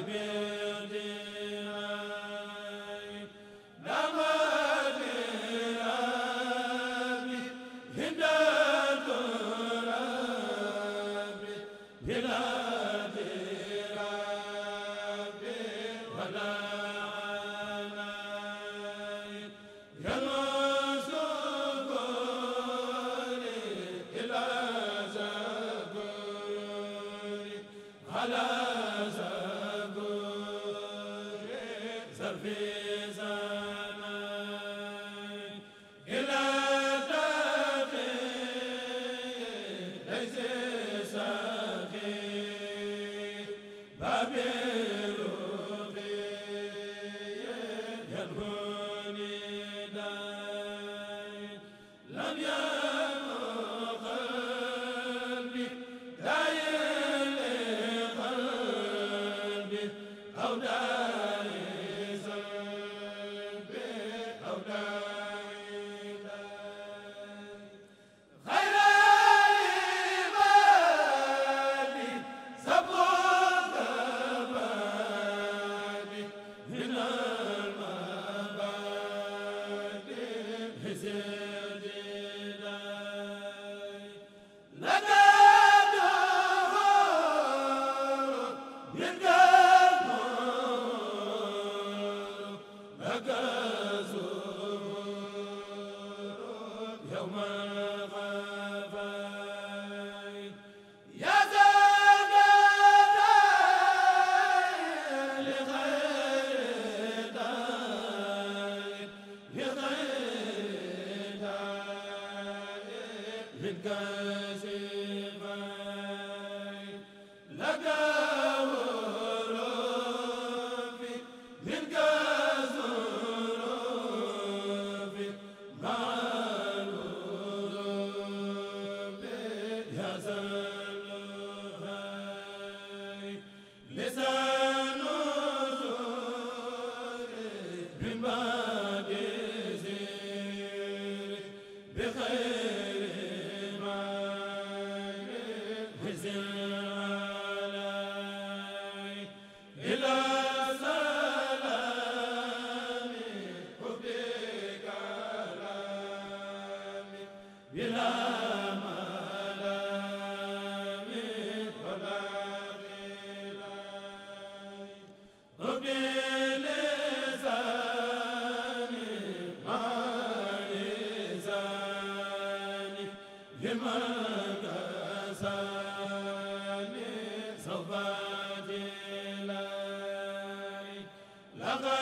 bi aw Bimba la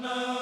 na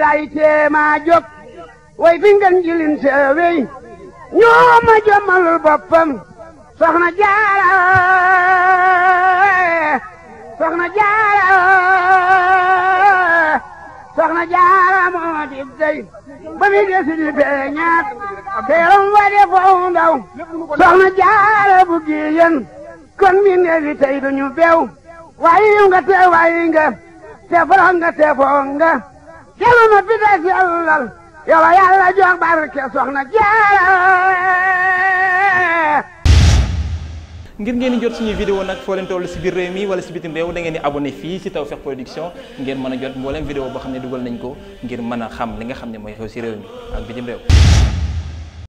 lay tee maa jóg way fi ngeen jilin seewey ñoo ma jommalul boppam na jaara soxna jaara soxna jaara moo di dey ba mi desi di feeñaat teeram wa de foow ndaw soxna jaara bu giyen kon mi neefi tey duñu bew waayi nga te waayi nga te forox nga te foow nga teluma bi da sellal yow yàlla jox barke soxna jaara ngir ngeen jot suñuy vidéo nag foo leen toll si biir réew mi wala si bitim réew da ngeen di abonné fii si Tawfekh Production ngeen mëna jot mbooleem vidéo boo xam ne dugal nañ ko ngir mën a xam li nga xam ne mooy xew si réew mi ak bitim réew